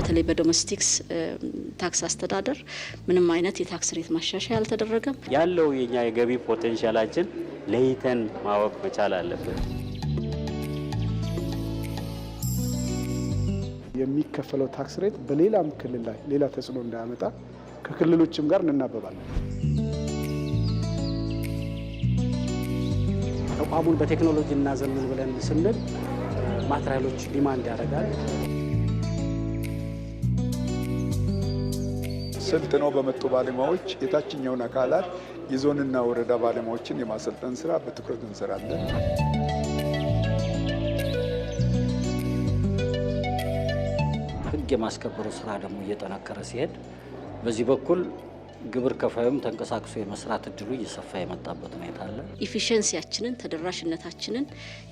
በተለይ በዶሜስቲክስ ታክስ አስተዳደር ምንም አይነት የታክስ ሬት ማሻሻያ አልተደረገም። ያለው የኛ የገቢ ፖቴንሻላችን ለይተን ማወቅ መቻል አለብን። የሚከፈለው ታክስ ሬት በሌላም ክልል ላይ ሌላ ተጽዕኖ እንዳያመጣ ከክልሎችም ጋር እንናበባለን። ተቋሙን በቴክኖሎጂ እናዘምን ብለን ስንል ማትሪያሎች ዲማንድ ያደርጋል። ሰልጥነው በመጡ ባለሙያዎች የታችኛውን አካላት የዞንና ወረዳ ባለሙያዎችን የማሰልጠን ስራ በትኩረት እንሰራለን። ህግ የማስከበሩ ስራ ደግሞ እየጠነከረ ሲሄድ በዚህ በኩል ግብር ከፋዩም ተንቀሳቅሶ የመስራት እድሉ እየሰፋ የመጣበት ሁኔታ አለ። ኢፊሽንሲያችንን ተደራሽነታችንን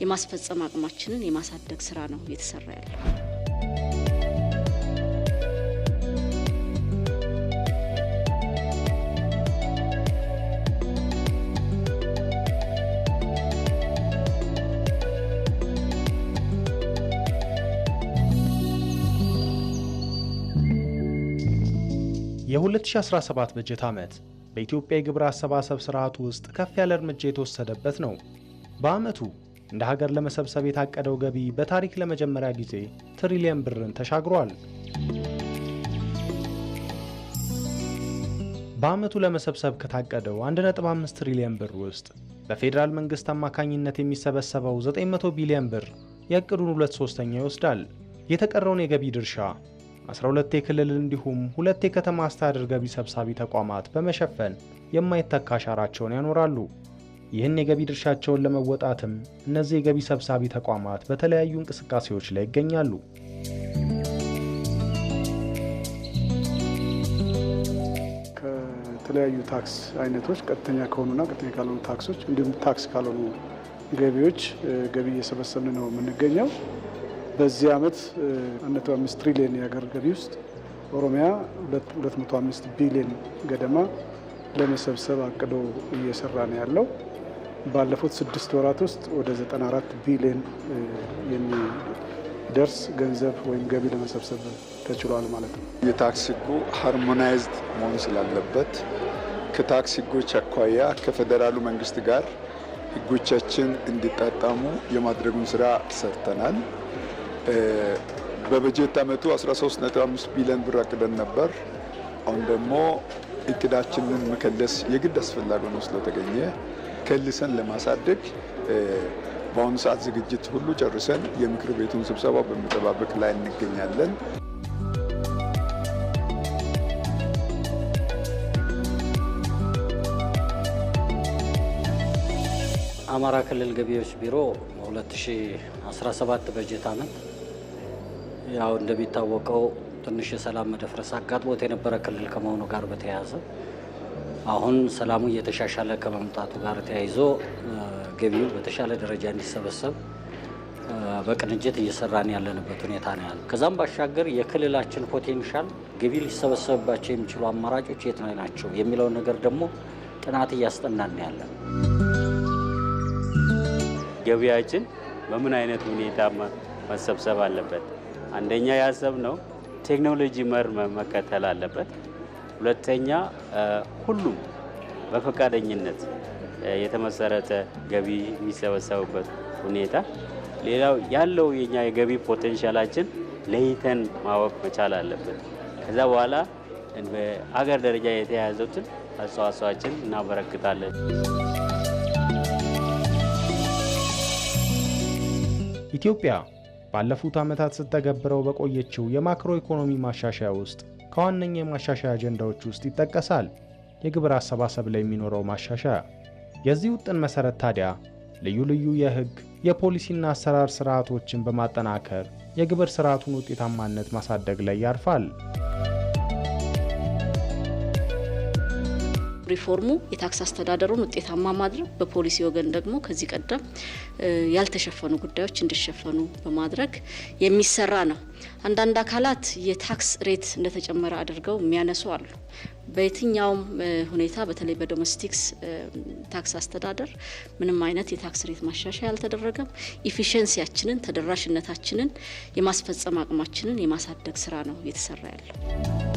የማስፈጸም አቅማችንን የማሳደግ ስራ ነው እየተሰራ ያለ። የ2017 በጀት ዓመት በኢትዮጵያ የግብር አሰባሰብ ስርዓት ውስጥ ከፍ ያለ እርምጃ የተወሰደበት ነው። በዓመቱ እንደ ሀገር ለመሰብሰብ የታቀደው ገቢ በታሪክ ለመጀመሪያ ጊዜ ትሪሊየን ብርን ተሻግሯል። በዓመቱ ለመሰብሰብ ከታቀደው 1.5 ትሪሊየን ብር ውስጥ በፌዴራል መንግስት አማካኝነት የሚሰበሰበው 900 ቢሊዮን ብር የእቅዱን ሁለት ሶስተኛ ይወስዳል። የተቀረውን የገቢ ድርሻ 12 የክልል እንዲሁም ሁለት የከተማ አስተዳደር ገቢ ሰብሳቢ ተቋማት በመሸፈን የማይተካ አሻራቸውን ያኖራሉ። ይህን የገቢ ድርሻቸውን ለመወጣትም እነዚህ የገቢ ሰብሳቢ ተቋማት በተለያዩ እንቅስቃሴዎች ላይ ይገኛሉ። ከተለያዩ ታክስ አይነቶች ቀጥተኛ ከሆኑና ቀጥተኛ ካልሆኑ ታክሶች እንዲሁም ታክስ ካልሆኑ ገቢዎች ገቢ እየሰበሰብን ነው የምንገኘው። በዚህ ዓመት 15 ትሪሊየን የሀገር ገቢ ውስጥ ኦሮሚያ 25 ቢሊዮን ገደማ ለመሰብሰብ አቅዶ እየሰራ ነው ያለው። ባለፉት ስድስት ወራት ውስጥ ወደ 94 ቢሊዮን የሚደርስ ገንዘብ ወይም ገቢ ለመሰብሰብ ተችሏል ማለት ነው። የታክስ ህጉ ሃርሞናይዝድ መሆን ስላለበት ከታክስ ህጎች አኳያ ከፌዴራሉ መንግስት ጋር ህጎቻችን እንዲጣጣሙ የማድረጉን ስራ ሰርተናል። በበጀት ዓመቱ 13.5 ቢሊዮን ብር አቅደን ነበር። አሁን ደግሞ እቅዳችንን መከለስ የግድ አስፈላጊ ሆኖ ስለተገኘ ከልሰን ለማሳደግ በአሁኑ ሰዓት ዝግጅት ሁሉ ጨርሰን የምክር ቤቱን ስብሰባ በመጠባበቅ ላይ እንገኛለን። አማራ ክልል ገቢዎች ቢሮ 2017 በጀት ዓመት ያው እንደሚታወቀው ትንሽ የሰላም መደፍረስ አጋጥሞት የነበረ ክልል ከመሆኑ ጋር በተያያዘ አሁን ሰላሙ እየተሻሻለ ከመምጣቱ ጋር ተያይዞ ገቢው በተሻለ ደረጃ እንዲሰበሰብ በቅንጅት እየሰራን ያለንበት ሁኔታ ነው ያለ። ከዛም ባሻገር የክልላችን ፖቴንሻል ገቢ ሊሰበሰብባቸው የሚችሉ አማራጮች የት ናቸው የሚለውን ነገር ደግሞ ጥናት እያስጠናን ያለን። ገቢያችን በምን አይነት ሁኔታ መሰብሰብ አለበት አንደኛ ነው ቴክኖሎጂ መር መከተል አለበት። ሁለተኛ ሁሉም በፈቃደኝነት የተመሰረተ ገቢ የሚሰበሰብበት ሁኔታ። ሌላው ያለው የኛ የገቢ ፖቴንሻላችን ለይተን ማወቅ መቻል አለበት። ከዛ በኋላ በአገር ደረጃ የተያያዙትን አስተዋጽኦችን እናበረክታለን። ኢትዮጵያ ባለፉት ዓመታት ስተገብረው በቆየችው የማክሮ ኢኮኖሚ ማሻሻያ ውስጥ ከዋነኛ የማሻሻያ አጀንዳዎች ውስጥ ይጠቀሳል የግብር አሰባሰብ ላይ የሚኖረው ማሻሻያ። የዚህ ውጥን መሠረት ታዲያ ልዩ ልዩ የሕግ የፖሊሲና አሰራር ስርዓቶችን በማጠናከር የግብር ስርዓቱን ውጤታማነት ማሳደግ ላይ ያርፋል። ሪፎርሙ የታክስ አስተዳደሩን ውጤታማ ማድረግ፣ በፖሊሲ ወገን ደግሞ ከዚህ ቀደም ያልተሸፈኑ ጉዳዮች እንዲሸፈኑ በማድረግ የሚሰራ ነው። አንዳንድ አካላት የታክስ ሬት እንደተጨመረ አድርገው የሚያነሱ አሉ። በየትኛውም ሁኔታ በተለይ በዶሜስቲክስ ታክስ አስተዳደር ምንም አይነት የታክስ ሬት ማሻሻያ አልተደረገም። ኢፊሽንሲያችንን፣ ተደራሽነታችንን የማስፈጸም አቅማችንን የማሳደግ ስራ ነው እየተሰራ ያለው።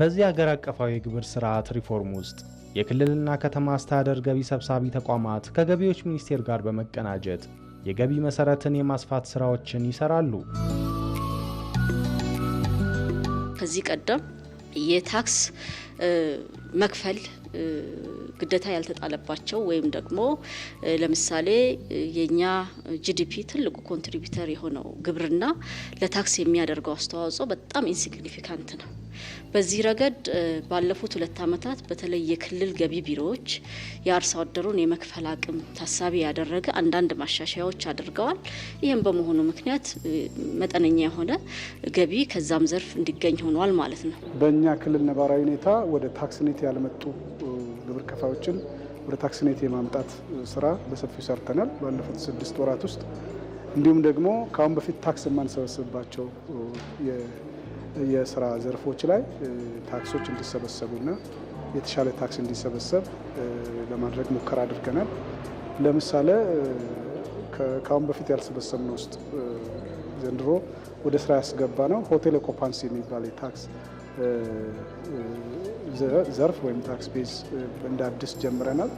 በዚህ ሀገር አቀፋዊ የግብር ስርዓት ሪፎርም ውስጥ የክልልና ከተማ አስተዳደር ገቢ ሰብሳቢ ተቋማት ከገቢዎች ሚኒስቴር ጋር በመቀናጀት የገቢ መሰረትን የማስፋት ስራዎችን ይሰራሉ። ከዚህ ቀደም የታክስ መክፈል ግዴታ ያልተጣለባቸው ወይም ደግሞ ለምሳሌ የኛ ጂዲፒ ትልቁ ኮንትሪቢተር የሆነው ግብርና ለታክስ የሚያደርገው አስተዋጽኦ በጣም ኢንሲግኒፊካንት ነው። በዚህ ረገድ ባለፉት ሁለት ዓመታት በተለይ የክልል ገቢ ቢሮዎች የአርሶ አደሩን የመክፈል አቅም ታሳቢ ያደረገ አንዳንድ ማሻሻያዎች አድርገዋል። ይህም በመሆኑ ምክንያት መጠነኛ የሆነ ገቢ ከዛም ዘርፍ እንዲገኝ ሆኗል ማለት ነው። በእኛ ክልል ነባራዊ ሁኔታ ወደ ታክስ ያልመጡ ከፋዮችን ወደ ታክስኔት የማምጣት ስራ በሰፊው ሰርተናል ባለፉት ስድስት ወራት ውስጥ። እንዲሁም ደግሞ ከአሁን በፊት ታክስ የማንሰበስብባቸው የስራ ዘርፎች ላይ ታክሶች እንዲሰበሰቡና የተሻለ ታክስ እንዲሰበሰብ ለማድረግ ሙከራ አድርገናል። ለምሳሌ ከአሁን በፊት ያልሰበሰብነው ውስጥ ዘንድሮ ወደ ስራ ያስገባ ነው ሆቴል ኮፓንስ የሚባል የታክስ ዘርፍ ወይም ታክስ ቤዝ እንደ አዲስ ጀምረናል።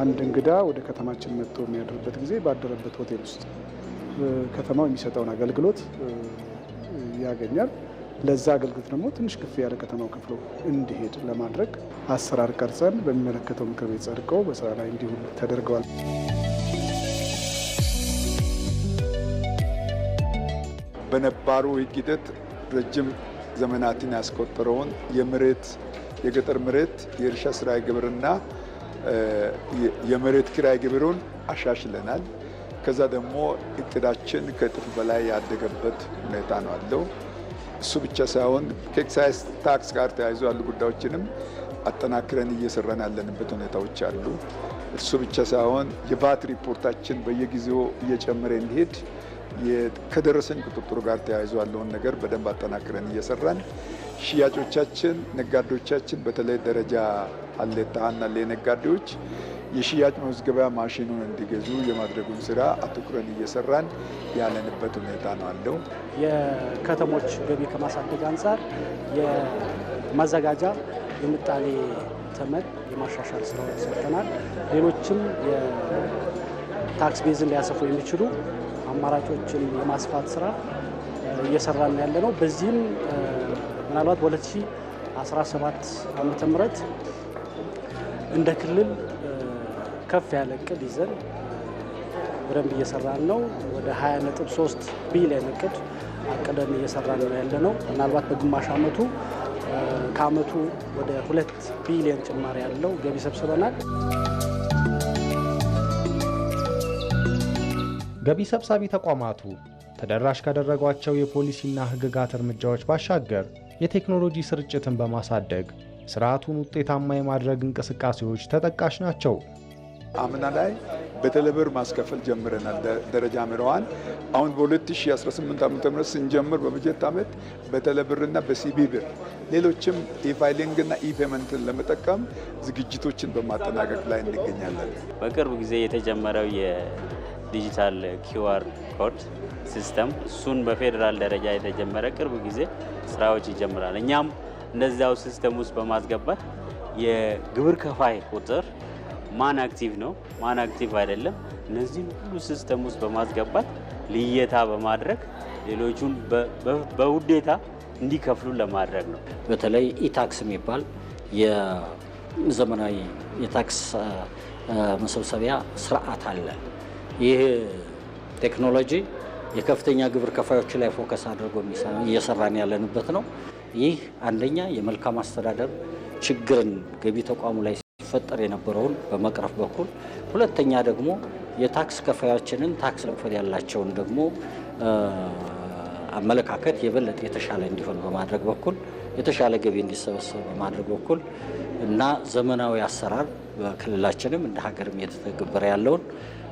አንድ እንግዳ ወደ ከተማችን መጥቶ የሚያድርበት ጊዜ ባደረበት ሆቴል ውስጥ ከተማው የሚሰጠውን አገልግሎት ያገኛል። ለዛ አገልግሎት ደግሞ ትንሽ ያለ ከተማው ክፍሎ እንዲሄድ ለማድረግ አሰራር ቀርጸን በሚመለከተው ምክር ቤት ጸድቀው በስራ ላይ እንዲሁም ተደርገዋል። በነባሩ ሂደት ረጅም ዘመናትን ያስቆጠረውን የመሬት የገጠር መሬት የእርሻ ስራ ግብርና የመሬት ኪራይ ግብሩን አሻሽለናል። ከዛ ደግሞ እቅዳችን ከእጥፍ በላይ ያደገበት ሁኔታ ነው አለው። እሱ ብቻ ሳይሆን ከኤክሳይዝ ታክስ ጋር ተያይዞ ያሉ ጉዳዮችንም አጠናክረን እየሰራን ያለንበት ሁኔታዎች አሉ። እሱ ብቻ ሳይሆን የቫት ሪፖርታችን በየጊዜው እየጨመረ እንዲሄድ ከደረሰኝ ቁጥጥር ጋር ተያይዞ ያለውን ነገር በደንብ አጠናክረን እየሰራን ሽያጮቻችን፣ ነጋዴዎቻችን በተለይ ደረጃ አለታና ለነጋዴዎች የሽያጭ መዝገቢያ ማሽኑን እንዲገዙ የማድረጉን ስራ አትኩረን እየሰራን ያለንበት ሁኔታ ነው አለው። የከተሞች ገቢ ከማሳደግ አንጻር የማዘጋጃ የምጣኔ ተመድ የማሻሻል ስራ ሰርተናል። ሌሎችም የታክስ ቤዝን ሊያሰፉ የሚችሉ አማራጮችን የማስፋት ስራ እየሰራን ያለ ነው። በዚህም ምናልባት በ2017 ዓመተ ምህረት እንደ ክልል ከፍ ያለ እቅድ ይዘን በደንብ እየሰራን ነው። ወደ 23 ቢሊዮን እቅድ አቅደን እየሰራን ነው ያለ ነው። ምናልባት በግማሽ ዓመቱ ከዓመቱ ወደ ሁለት ቢሊዮን ጭማሪ ያለው ገቢ ሰብስበናል። ገቢ ሰብሳቢ ተቋማቱ ተደራሽ ካደረጓቸው የፖሊሲና ሕግጋት እርምጃዎች ባሻገር የቴክኖሎጂ ስርጭትን በማሳደግ ስርዓቱን ውጤታማ የማድረግ እንቅስቃሴዎች ተጠቃሽ ናቸው። አምና ላይ በቴሌብር ማስከፈል ጀምረናል። ደረጃ ምረዋል። አሁን በ2018 ዓ ም ስንጀምር በበጀት ዓመት በቴሌብርና በሲቢ ብር ሌሎችም ኢፋይሊንግና ኢፔመንትን ለመጠቀም ዝግጅቶችን በማጠናቀቅ ላይ እንገኛለን። በቅርብ ጊዜ የተጀመረው ዲጂታል ኪዋር ኮድ ሲስተም እሱን በፌዴራል ደረጃ የተጀመረ ቅርብ ጊዜ ስራዎች ይጀምራል። እኛም እነዚያው ሲስተም ውስጥ በማስገባት የግብር ከፋይ ቁጥር ማን አክቲቭ ነው፣ ማን አክቲቭ አይደለም፣ እነዚህን ሁሉ ሲስተም ውስጥ በማስገባት ልየታ በማድረግ ሌሎቹን በውዴታ እንዲከፍሉ ለማድረግ ነው። በተለይ ኢታክስ የሚባል የዘመናዊ የታክስ መሰብሰቢያ ስርዓት አለ። ይህ ቴክኖሎጂ የከፍተኛ ግብር ከፋዮች ላይ ፎከስ አድርጎ እየሰራን ያለንበት ነው። ይህ አንደኛ የመልካም አስተዳደር ችግርን ገቢ ተቋሙ ላይ ሲፈጠር የነበረውን በመቅረፍ በኩል፣ ሁለተኛ ደግሞ የታክስ ከፋያችንን ታክስ መክፈል ያላቸውን ደግሞ አመለካከት የበለጠ የተሻለ እንዲሆን በማድረግ በኩል የተሻለ ገቢ እንዲሰበሰብ በማድረግ በኩል እና ዘመናዊ አሰራር በክልላችንም እንደ ሀገርም እየተተገበረ ያለውን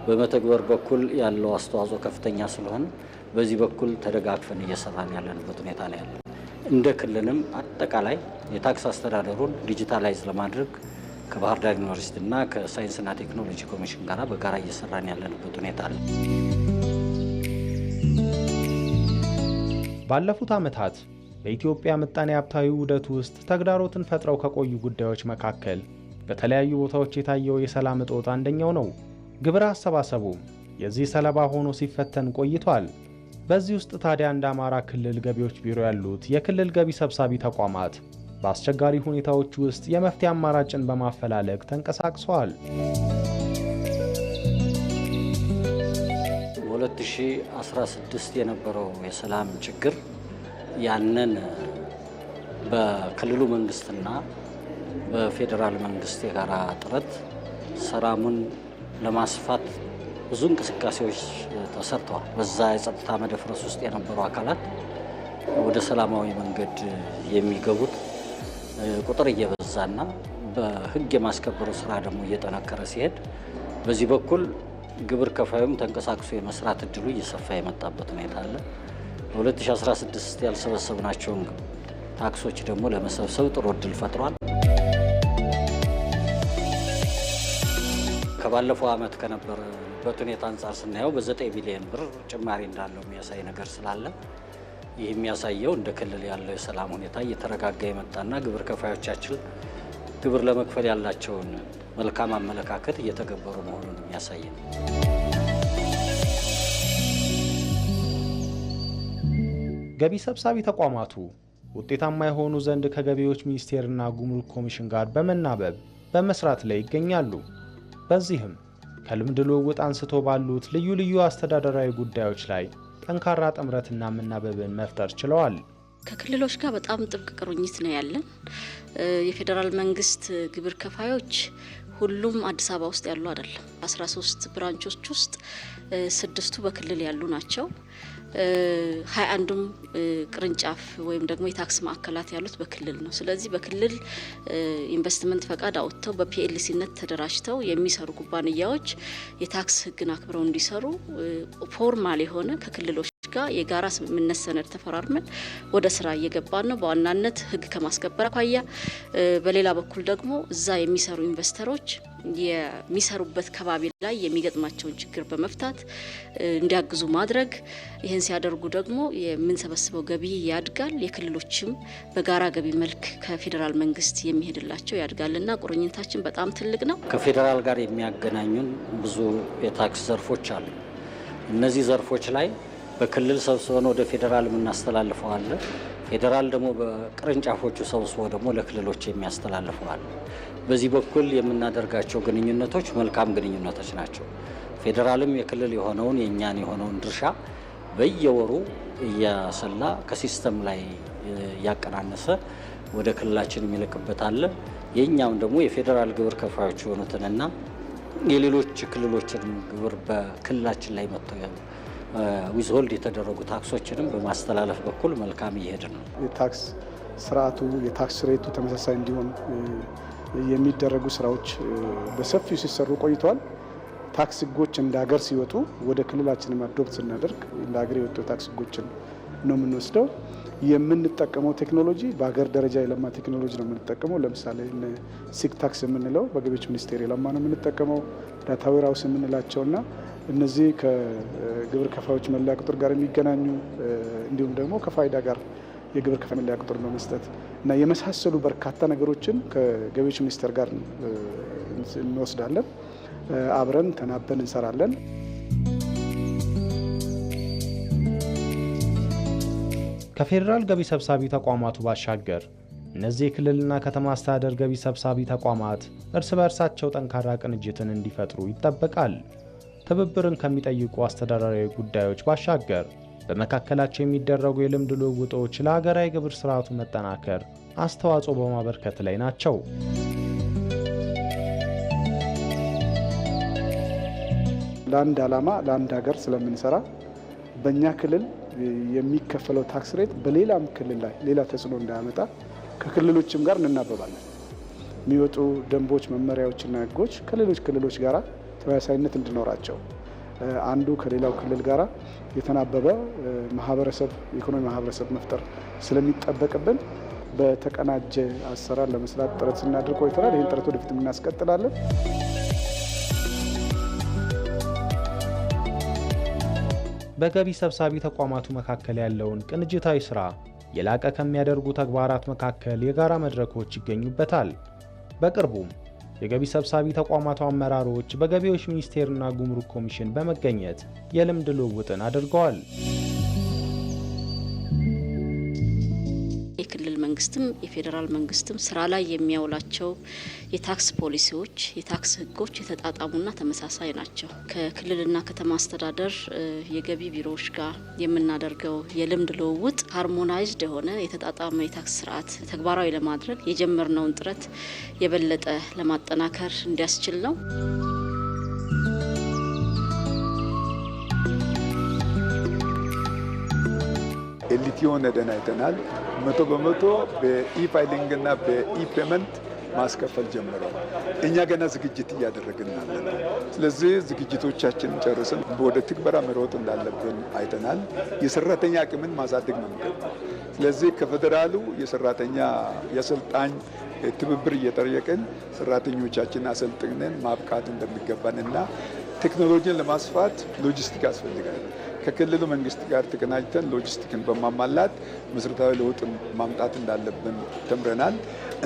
በመተግበር በኩል ያለው አስተዋጽኦ ከፍተኛ ስለሆነ በዚህ በኩል ተደጋግፈን እየሰራን ያለንበት ሁኔታ ነው ያለ። እንደ ክልልም አጠቃላይ የታክስ አስተዳደሩን ዲጂታላይዝ ለማድረግ ከባህር ዳር እና ከሳይንስና ቴክኖሎጂ ኮሚሽን ጋር በጋራ እየሰራን ያለንበት ሁኔታ አለ። ባለፉት ዓመታት በኢትዮጵያ ምጣኔ ሀብታዊ ውህደት ውስጥ ተግዳሮትን ፈጥረው ከቆዩ ጉዳዮች መካከል በተለያዩ ቦታዎች የታየው የሰላም እጦት አንደኛው ነው። ግብር አሰባሰቡ የዚህ ሰለባ ሆኖ ሲፈተን ቆይቷል። በዚህ ውስጥ ታዲያ እንደ አማራ ክልል ገቢዎች ቢሮ ያሉት የክልል ገቢ ሰብሳቢ ተቋማት በአስቸጋሪ ሁኔታዎች ውስጥ የመፍትሄ አማራጭን በማፈላለግ ተንቀሳቅሰዋል። 2016 የነበረው የሰላም ችግር ያንን በክልሉ መንግስትና በፌዴራል መንግስት የጋራ ጥረት ሰላሙን ለማስፋት ብዙ እንቅስቃሴዎች ተሰርተዋል። በዛ የጸጥታ መደፍረስ ውስጥ የነበሩ አካላት ወደ ሰላማዊ መንገድ የሚገቡት ቁጥር እየበዛና በህግ የማስከበሩ ስራ ደግሞ እየጠነከረ ሲሄድ በዚህ በኩል ግብር ከፋዩም ተንቀሳቅሶ የመስራት እድሉ እየሰፋ የመጣበት ሁኔታ አለ። በ2016 ያልሰበሰብናቸውን ታክሶች ደግሞ ለመሰብሰብ ጥሩ እድል ፈጥሯል። ከባለፈው ዓመት ከነበረበት ሁኔታ አንጻር ስናየው በ9 ቢሊዮን ብር ጭማሪ እንዳለው የሚያሳይ ነገር ስላለ ይህ የሚያሳየው እንደ ክልል ያለው የሰላም ሁኔታ እየተረጋጋ የመጣና ግብር ከፋዮቻችን ግብር ለመክፈል ያላቸውን መልካም አመለካከት እየተገበሩ መሆኑን የሚያሳይ ነው። ገቢ ሰብሳቢ ተቋማቱ ውጤታማ የሆኑ ዘንድ ከገቢዎች ሚኒስቴርና ጉምሩክ ኮሚሽን ጋር በመናበብ በመስራት ላይ ይገኛሉ። በዚህም ከልምድ ልውውጥ አንስቶ ባሉት ልዩ ልዩ አስተዳደራዊ ጉዳዮች ላይ ጠንካራ ጥምረትና መናበብን መፍጠር ችለዋል። ከክልሎች ጋር በጣም ጥብቅ ቅርኝት ነው ያለን። የፌዴራል መንግስት ግብር ከፋዮች ሁሉም አዲስ አበባ ውስጥ ያሉ አይደለም። 13 ብራንቾች ውስጥ ስድስቱ በክልል ያሉ ናቸው። ሀያ አንዱም ቅርንጫፍ ወይም ደግሞ የታክስ ማዕከላት ያሉት በክልል ነው። ስለዚህ በክልል ኢንቨስትመንት ፈቃድ አውጥተው በፒኤልሲነት ተደራጅተው የሚሰሩ ኩባንያዎች የታክስ ሕግን አክብረው እንዲሰሩ ፎርማል የሆነ ከክልሎች ጋር የጋራ ስምምነት ሰነድ ተፈራርመን ወደ ስራ እየገባን ነው፣ በዋናነት ህግ ከማስከበር አኳያ። በሌላ በኩል ደግሞ እዛ የሚሰሩ ኢንቨስተሮች የሚሰሩበት ከባቢ ላይ የሚገጥማቸውን ችግር በመፍታት እንዲያግዙ ማድረግ። ይህን ሲያደርጉ ደግሞ የምንሰበስበው ገቢ ያድጋል፣ የክልሎችም በጋራ ገቢ መልክ ከፌዴራል መንግስት የሚሄድላቸው ያድጋልና ቁርኝታችን በጣም ትልቅ ነው። ከፌዴራል ጋር የሚያገናኙን ብዙ የታክስ ዘርፎች አሉ። እነዚህ ዘርፎች ላይ በክልል ሰብስበን ወደ ፌዴራል የምናስተላልፈው አለ። ፌዴራል ደግሞ በቅርንጫፎቹ ሰብስቦ ደግሞ ለክልሎች የሚያስተላልፈው አለ። በዚህ በኩል የምናደርጋቸው ግንኙነቶች መልካም ግንኙነቶች ናቸው። ፌዴራልም የክልል የሆነውን የእኛን የሆነውን ድርሻ በየወሩ እያሰላ ከሲስተም ላይ እያቀናነሰ ወደ ክልላችን የሚልክበት አለ። የእኛም ደግሞ የፌዴራል ግብር ከፋዮች የሆኑትንና የሌሎች ክልሎችን ግብር በክልላችን ላይ መጥተው ዊዝሆልድ የተደረጉ ታክሶችንም በማስተላለፍ በኩል መልካም እየሄድን ነው። የታክስ ስርዓቱ የታክስ ሬቱ ተመሳሳይ እንዲሆን የሚደረጉ ስራዎች በሰፊው ሲሰሩ ቆይተዋል። ታክስ ህጎች እንደ ሀገር ሲወጡ ወደ ክልላችንም አዶፕት ስናደርግ እንደ ሀገር የወጡ ታክስ ህጎችን ነው የምንወስደው። የምንጠቀመው ቴክኖሎጂ በሀገር ደረጃ የለማ ቴክኖሎጂ ነው የምንጠቀመው። ለምሳሌ ሲክ ታክስ የምንለው በገቢዎች ሚኒስቴር የለማ ነው የምንጠቀመው። ዳታ ዌርሃውስ የምንላቸውና እነዚህ ከግብር ከፋዮች መለያ ቁጥር ጋር የሚገናኙ እንዲሁም ደግሞ ከፋይዳ ጋር የግብር ከፋይ መለያ ቁጥር በመስጠት እና የመሳሰሉ በርካታ ነገሮችን ከገቢዎች ሚኒስቴር ጋር እንወስዳለን። አብረን ተናበን እንሰራለን። ከፌዴራል ገቢ ሰብሳቢ ተቋማቱ ባሻገር እነዚህ የክልልና ከተማ አስተዳደር ገቢ ሰብሳቢ ተቋማት እርስ በእርሳቸው ጠንካራ ቅንጅትን እንዲፈጥሩ ይጠበቃል። ትብብርን ከሚጠይቁ አስተዳደራዊ ጉዳዮች ባሻገር በመካከላቸው የሚደረጉ የልምድ ልውውጦች ለሀገራዊ ግብር ስርዓቱ መጠናከር አስተዋጽኦ በማበርከት ላይ ናቸው። ለአንድ ዓላማ ለአንድ ሀገር ስለምንሰራ በእኛ ክልል የሚከፈለው ታክስ ሬት በሌላም ክልል ላይ ሌላ ተጽዕኖ እንዳያመጣ ከክልሎችም ጋር እንናበባለን። የሚወጡ ደንቦች፣ መመሪያዎችና ህጎች ከሌሎች ክልሎች ጋር ተመሳሳይነት እንዲኖራቸው አንዱ ከሌላው ክልል ጋር የተናበበ ማህበረሰብ የኢኮኖሚ ማህበረሰብ መፍጠር ስለሚጠበቅብን በተቀናጀ አሰራር ለመስራት ጥረት ስናደርግ ቆይተናል። ይህን ጥረት ወደፊት እናስቀጥላለን። በገቢ ሰብሳቢ ተቋማቱ መካከል ያለውን ቅንጅታዊ ስራ የላቀ ከሚያደርጉ ተግባራት መካከል የጋራ መድረኮች ይገኙበታል። በቅርቡም የገቢ ሰብሳቢ ተቋማቱ አመራሮች በገቢዎች ሚኒስቴርና ጉምሩክ ኮሚሽን በመገኘት የልምድ ልውውጥን አድርገዋል። መንግስትም የፌዴራል መንግስትም ስራ ላይ የሚያውላቸው የታክስ ፖሊሲዎች፣ የታክስ ህጎች የተጣጣሙና ተመሳሳይ ናቸው። ከክልልና ከተማ አስተዳደር የገቢ ቢሮዎች ጋር የምናደርገው የልምድ ልውውጥ ሃርሞናይዝድ የሆነ የተጣጣመ የታክስ ስርዓት ተግባራዊ ለማድረግ የጀመርነውን ጥረት የበለጠ ለማጠናከር እንዲያስችል ነው። ኢትዮ ነደን አይተናል። መቶ በመቶ በኢፋይሊንግ እና በኢፔመንት ማስከፈል ጀምረው እኛ ገና ዝግጅት እያደረግን ያለን ነው። ስለዚህ ዝግጅቶቻችን ጨርሰን ወደ ትግበራ መሮጥ እንዳለብን አይተናል። የሰራተኛ አቅምን ማሳደግ ነው ስለዚህ ከፌዴራሉ የሰራተኛ የአሰልጣኝ ትብብር እየጠየቅን ሰራተኞቻችን አሰልጥነን ማብቃት እንደሚገባንና ቴክኖሎጂን ለማስፋት ሎጂስቲክ ያስፈልጋል። ከክልሉ መንግስት ጋር ተቀናጅተን ሎጂስቲክን በማሟላት መሰረታዊ ለውጥ ማምጣት እንዳለብን ተምረናል።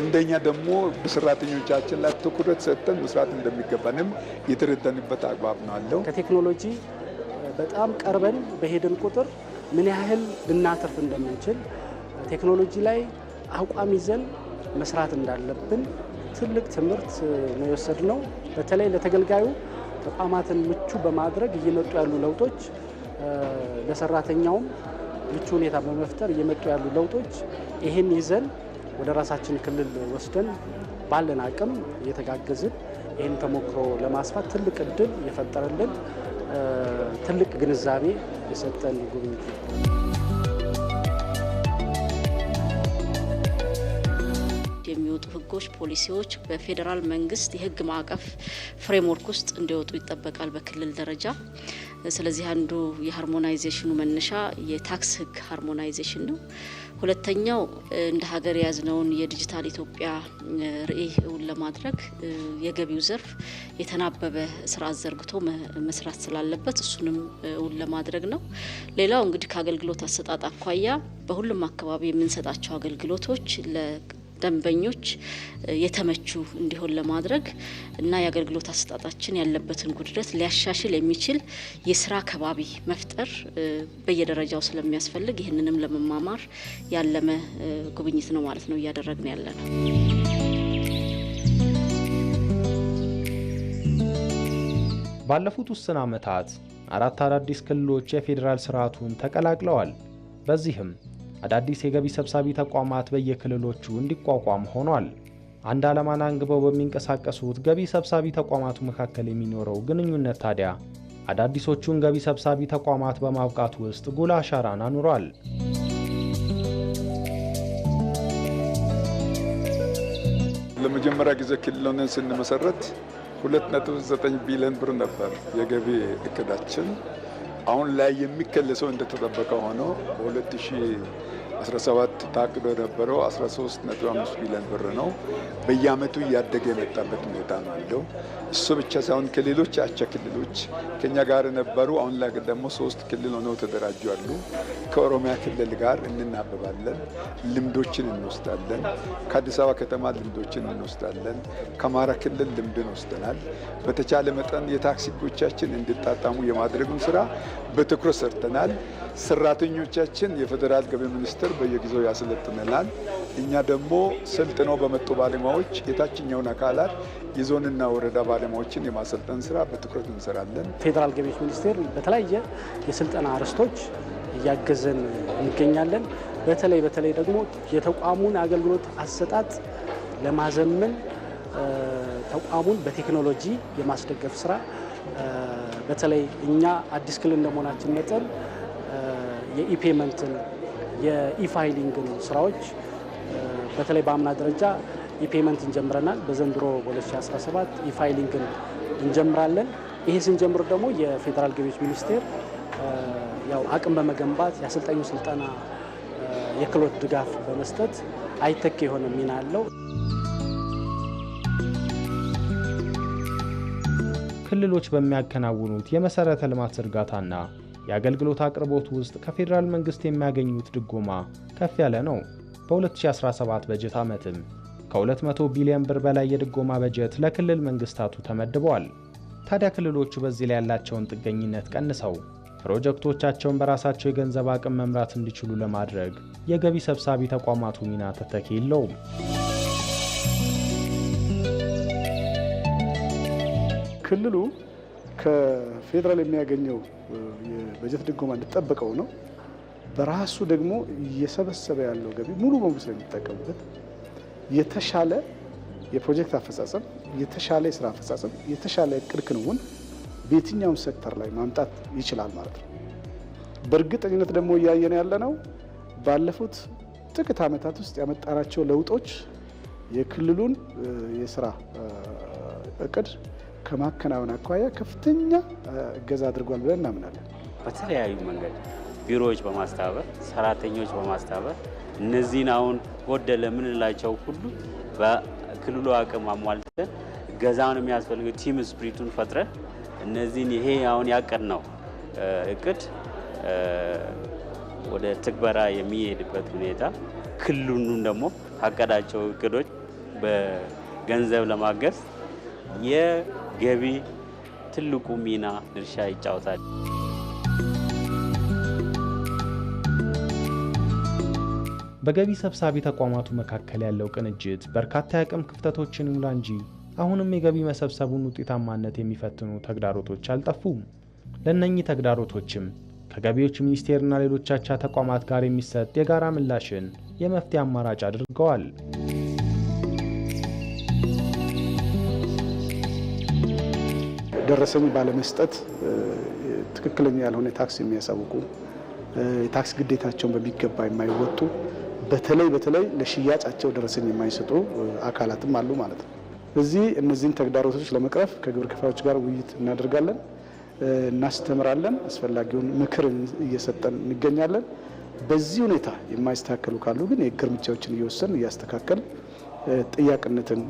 እንደኛ ደግሞ በሰራተኞቻችን ላይ ትኩረት ሰጥተን መስራት እንደሚገባንም የተረዳንበት አግባብ ነው አለው። ከቴክኖሎጂ በጣም ቀርበን በሄድን ቁጥር ምን ያህል ልናተርፍ እንደምንችል ቴክኖሎጂ ላይ አቋም ይዘን መስራት እንዳለብን ትልቅ ትምህርት ነው የወሰድነው። በተለይ ለተገልጋዩ ተቋማትን ምቹ በማድረግ እየመጡ ያሉ ለውጦች ለሰራተኛውም ምቹ ሁኔታ በመፍጠር እየመጡ ያሉ ለውጦች ይህን ይዘን ወደ ራሳችን ክልል ወስደን ባለን አቅም እየተጋገዝን ይህን ተሞክሮ ለማስፋት ትልቅ እድል የፈጠረልን ትልቅ ግንዛቤ የሰጠን ጉብኝት ነው። ህጎች፣ ፖሊሲዎች በፌዴራል መንግስት የህግ ማዕቀፍ ፍሬምወርክ ውስጥ እንዲወጡ ይጠበቃል በክልል ደረጃ። ስለዚህ አንዱ የሀርሞናይዜሽኑ መነሻ የታክስ ህግ ሃርሞናይዜሽን ነው። ሁለተኛው እንደ ሀገር የያዝነውን የዲጂታል ኢትዮጵያ ርዕይ እውን ለማድረግ የገቢው ዘርፍ የተናበበ ስርዓት ዘርግቶ መስራት ስላለበት እሱንም እውን ለማድረግ ነው። ሌላው እንግዲህ ከአገልግሎት አሰጣጥ አኳያ በሁሉም አካባቢ የምንሰጣቸው አገልግሎቶች ደንበኞች የተመቹ እንዲሆን ለማድረግ እና የአገልግሎት አሰጣጣችን ያለበትን ጉድለት ሊያሻሽል የሚችል የስራ ከባቢ መፍጠር በየደረጃው ስለሚያስፈልግ ይህንንም ለመማማር ያለመ ጉብኝት ነው ማለት ነው እያደረግን ያለ ነው። ባለፉት ውስን ዓመታት አራት አዳዲስ ክልሎች የፌዴራል ስርዓቱን ተቀላቅለዋል። በዚህም አዳዲስ የገቢ ሰብሳቢ ተቋማት በየክልሎቹ እንዲቋቋም ሆኗል። አንድ ዓላማን አንግበው በሚንቀሳቀሱት ገቢ ሰብሳቢ ተቋማቱ መካከል የሚኖረው ግንኙነት ታዲያ አዳዲሶቹን ገቢ ሰብሳቢ ተቋማት በማብቃት ውስጥ ጉልህ አሻራን አኑሯል። ለመጀመሪያ ጊዜ ክልሉን ስንመሰረት 2.9 ቢሊዮን ብር ነበር የገቢ እቅዳችን። አሁን ላይ የሚከለሰው እንደተጠበቀ ሆኖ በ2000 17 ታቅዶ የነበረው 13 5 ቢሊዮን ብር ነው። በየአመቱ እያደገ የመጣበት ሁኔታ ነው ያለው። እሱ ብቻ ሳይሆን ክልሎች አቻ ክልሎች ከኛ ጋር ነበሩ አሁን ላይ ደግሞ ሶስት ክልል ሆነው ተደራጁ አሉ። ከኦሮሚያ ክልል ጋር እንናበባለን፣ ልምዶችን እንወስዳለን። ከአዲስ አበባ ከተማ ልምዶችን እንወስዳለን። ከአማራ ክልል ልምድን ወስደናል። በተቻለ መጠን የታክስ ህጎቻችን እንዲጣጣሙ የማድረጉን ስራ በትኩረት ሰርተናል። ሰራተኞቻችን የፌዴራል ገቢ ሚኒስትር ዶክተር በየጊዜው ያሰለጥነናል። እኛ ደግሞ ሰልጥነው በመጡ ባለሙያዎች የታችኛውን አካላት የዞንና ወረዳ ባለሙያዎችን የማሰልጠን ስራ በትኩረት እንሰራለን። ፌዴራል ገቢዎች ሚኒስቴር በተለያየ የስልጠና አርስቶች እያገዘን እንገኛለን። በተለይ በተለይ ደግሞ የተቋሙን አገልግሎት አሰጣጥ ለማዘመን ተቋሙን በቴክኖሎጂ የማስደገፍ ስራ በተለይ እኛ አዲስ ክልል እንደመሆናችን መጠን የኢፔመንትን የኢፋይሊንግን ስራዎች በተለይ በአምና ደረጃ ኢፔመንት እንጀምረናል። በዘንድሮ በ2017 ኢፋይሊንግን እንጀምራለን። ይሄ ስንጀምር ደግሞ የፌዴራል ገቢዎች ሚኒስቴር ያው አቅም በመገንባት የአሰልጣኙ ስልጠና የክሎት ድጋፍ በመስጠት አይተክ የሆነ ሚና አለው። ክልሎች በሚያከናውኑት የመሰረተ ልማት ዝርጋታና የአገልግሎት አቅርቦት ውስጥ ከፌዴራል መንግስት የሚያገኙት ድጎማ ከፍ ያለ ነው። በ2017 በጀት ዓመትም ከ200 ቢሊዮን ብር በላይ የድጎማ በጀት ለክልል መንግስታቱ ተመድበዋል። ታዲያ ክልሎቹ በዚህ ላይ ያላቸውን ጥገኝነት ቀንሰው ፕሮጀክቶቻቸውን በራሳቸው የገንዘብ አቅም መምራት እንዲችሉ ለማድረግ የገቢ ሰብሳቢ ተቋማቱ ሚና ተተኪ የለውም። ክልሉ ከፌዴራል የሚያገኘው የበጀት ድጎማ እንድጠበቀው ነው። በራሱ ደግሞ እየሰበሰበ ያለው ገቢ ሙሉ በሙሉ ስለሚጠቀምበት የተሻለ የፕሮጀክት አፈጻጸም፣ የተሻለ የስራ አፈጻጸም፣ የተሻለ እቅድ ክንውን በየትኛውም ሴክተር ላይ ማምጣት ይችላል ማለት ነው። በእርግጠኝነት ደግሞ እያየን ያለ ነው። ባለፉት ጥቂት ዓመታት ውስጥ ያመጣናቸው ለውጦች የክልሉን የስራ እቅድ ከማከናወን አኳያ ከፍተኛ እገዛ አድርጓል ብለን እናምናለን። በተለያዩ መንገድ ቢሮዎች በማስተባበር ሰራተኞች በማስተባበር እነዚህን አሁን ጎደለ የምንላቸው ሁሉ በክልሉ አቅም አሟልተን እገዛውን የሚያስፈልግ ቲም ስፕሪቱን ፈጥረን እነዚህን ይሄ አሁን ያቀድ ነው እቅድ ወደ ትግበራ የሚሄድበት ሁኔታ ክልሉን ደግሞ ካቀዳቸው እቅዶች በገንዘብ ለማገዝ ገቢ ትልቁ ሚና ድርሻ ይጫወታል። በገቢ ሰብሳቢ ተቋማቱ መካከል ያለው ቅንጅት በርካታ የአቅም ክፍተቶችን ይሙላ እንጂ አሁንም የገቢ መሰብሰቡን ውጤታማነት የሚፈትኑ ተግዳሮቶች አልጠፉም። ለእነኚህ ተግዳሮቶችም ከገቢዎች ሚኒስቴርና ሌሎች አቻ ተቋማት ጋር የሚሰጥ የጋራ ምላሽን የመፍትሄ አማራጭ አድርገዋል። ደረሰኝ ባለመስጠት ትክክለኛ ያልሆነ ታክስ የሚያሳውቁ የታክስ ግዴታቸውን በሚገባ የማይወጡ በተለይ በተለይ ለሽያጫቸው ደረሰኝ የማይሰጡ አካላትም አሉ ማለት ነው። እዚህ እነዚህን ተግዳሮቶች ለመቅረፍ ከግብር ከፋዮች ጋር ውይይት እናደርጋለን፣ እናስተምራለን፣ አስፈላጊውን ምክር እየሰጠን እንገኛለን። በዚህ ሁኔታ የማይስተካከሉ ካሉ ግን የህግ እርምጃዎችን እየወሰን እያስተካከል ጥያቅነትን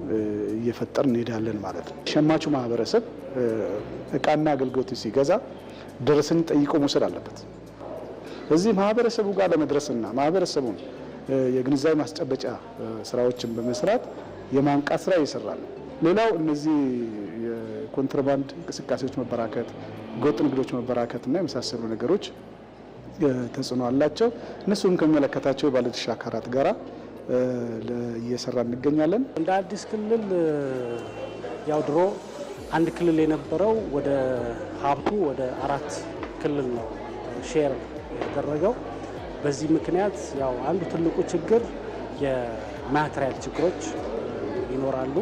እየፈጠር እንሄዳለን ማለት ነው። ሸማቹ ማህበረሰብ እቃና አገልግሎት ሲገዛ ደረሰኝ ጠይቆ መውሰድ አለበት። እዚህ ማህበረሰቡ ጋር ለመድረስና ማህበረሰቡን የግንዛቤ ማስጨበጫ ስራዎችን በመስራት የማንቃት ስራ እየሰራ ነው። ሌላው እነዚህ የኮንትሮባንድ እንቅስቃሴዎች መበራከት፣ ህገወጥ ንግዶች እና የመሳሰሉ ነገሮች ተጽዕኖ አላቸው። እነሱም ከሚመለከታቸው የባለድርሻ አካላት ጋራ እየሰራ እንገኛለን። እንደ አዲስ ክልል ያው ድሮ አንድ ክልል የነበረው ወደ ሀብቱ ወደ አራት ክልል ነው ሼር የተደረገው። በዚህ ምክንያት ያው አንዱ ትልቁ ችግር የማትሪያል ችግሮች ይኖራሉ።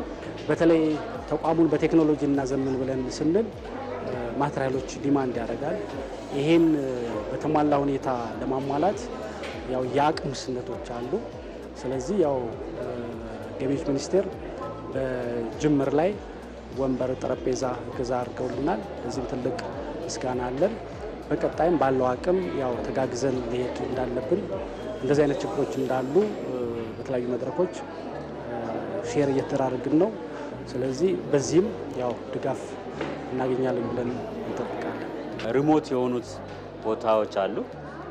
በተለይ ተቋሙን በቴክኖሎጂ እናዘምን ብለን ስንል ማትሪያሎች ዲማንድ ያደርጋል። ይሄን በተሟላ ሁኔታ ለማሟላት ያው የአቅም ስነቶች አሉ። ስለዚህ ያው ገቢዎች ሚኒስቴር በጅምር ላይ ወንበር፣ ጠረጴዛ እገዛ አድርገውልናል። እዚህም ትልቅ ምስጋና አለን። በቀጣይም ባለው አቅም ያው ተጋግዘን ሊሄድ እንዳለብን እንደዚህ አይነት ችግሮች እንዳሉ በተለያዩ መድረኮች ሼር እየተደራረግን ነው። ስለዚህ በዚህም ያው ድጋፍ እናገኛለን ብለን እንጠብቃለን። ሪሞት የሆኑት ቦታዎች አሉ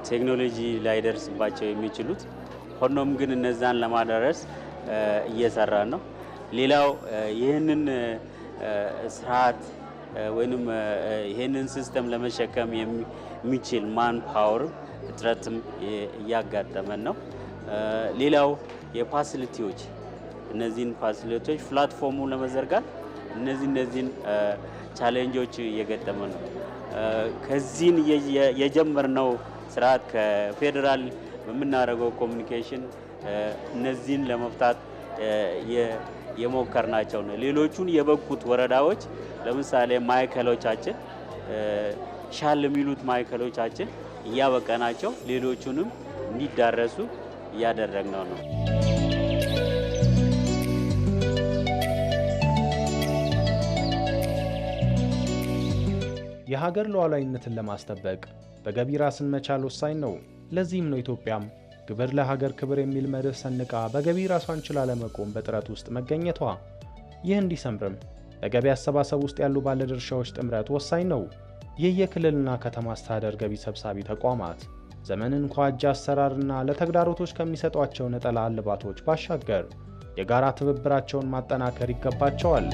ቴክኖሎጂ ላይደርስባቸው የሚችሉት ሆኖም ግን እነዛን ለማዳረስ እየሰራን ነው። ሌላው ይህንን ስርዓት ወይም ይህንን ሲስተም ለመሸከም የሚችል ማን ፓወር እጥረትም እያጋጠመን ነው። ሌላው የፋሲሊቲዎች እነዚህን ፋሲሊቲዎች ፕላትፎርሙ ለመዘርጋት እነዚህ እነዚህን ቻሌንጆች እየገጠመ ነው። ከዚህን የጀመርነው ስርዓት ከፌዴራል በምናደርገው ኮሚኒኬሽን እነዚህን ለመፍታት የሞከርናቸው ነው። ሌሎቹን የበቁት ወረዳዎች ለምሳሌ ማዕከሎቻችን ሻል የሚሉት ማዕከሎቻችን እያበቀናቸው ሌሎቹንም እንዲዳረሱ እያደረግነው ነው። የሀገር ሉዓላዊነትን ለማስጠበቅ በገቢ ራስን መቻል ወሳኝ ነው። ለዚህም ነው ኢትዮጵያም ግብር ለሀገር ክብር የሚል መርህ ሰንቃ በገቢ ራሷን ችላ ለመቆም በጥረት ውስጥ መገኘቷ። ይህ እንዲሰምርም በገቢ አሰባሰብ ውስጥ ያሉ ባለድርሻዎች ጥምረት ወሳኝ ነው። የየክልልና ከተማ አስተዳደር ገቢ ሰብሳቢ ተቋማት ዘመንን ኳጅ አሰራርና ለተግዳሮቶች ከሚሰጧቸው ነጠላ እልባቶች ባሻገር የጋራ ትብብራቸውን ማጠናከር ይገባቸዋል።